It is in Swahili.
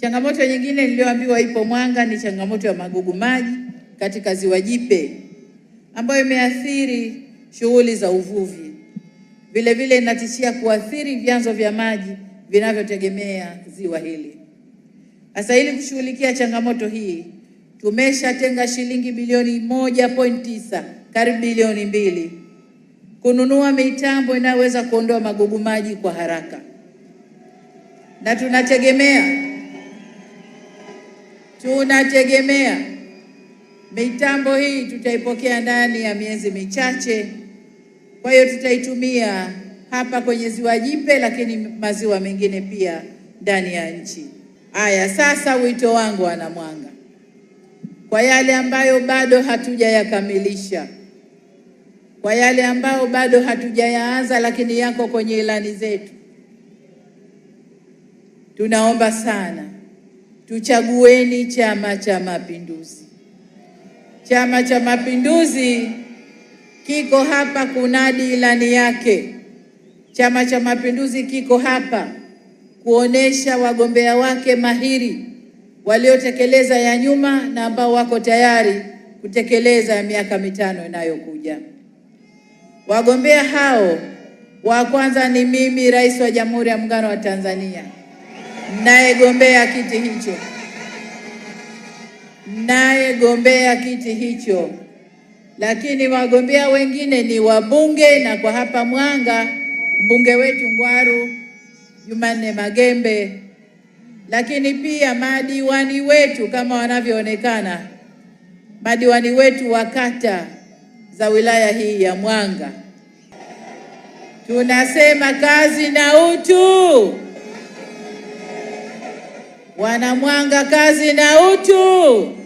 Changamoto nyingine niliyoambiwa ipo Mwanga ni changamoto ya magugu maji katika ziwa Jipe ambayo imeathiri shughuli za uvuvi, vilevile inatishia kuathiri vyanzo vya maji vinavyotegemea ziwa hili. Sasa ili kushughulikia changamoto hii tumeshatenga shilingi bilioni 1.9 karibu bilioni mbili kununua mitambo inayoweza kuondoa magugu maji kwa haraka na tunategemea Tunategemea mitambo hii tutaipokea ndani ya miezi michache, kwa hiyo tutaitumia hapa kwenye ziwa Jipe, lakini maziwa mengine pia ndani ya nchi. Haya, sasa wito wangu Wanamwanga, kwa yale ambayo bado hatujayakamilisha, kwa yale ambayo bado hatujayaanza, lakini yako kwenye ilani zetu, tunaomba sana tuchagueni Chama cha Mapinduzi. Chama cha Mapinduzi kiko hapa kunadi ilani yake. Chama cha Mapinduzi kiko hapa kuonesha wagombea wake mahiri waliotekeleza ya nyuma na ambao wako tayari kutekeleza miaka mitano inayokuja. Wagombea hao wa kwanza ni mimi, Rais wa Jamhuri ya Muungano wa Tanzania. Mnayegombea kiti hicho, mnayegombea kiti hicho, lakini wagombea wengine ni wabunge, na kwa hapa Mwanga mbunge wetu Ngwaru Jumanne Magembe, lakini pia madiwani wetu kama wanavyoonekana, madiwani wetu wa kata za wilaya hii ya Mwanga. Tunasema kazi na utu. Wanamwanga kazi na utu.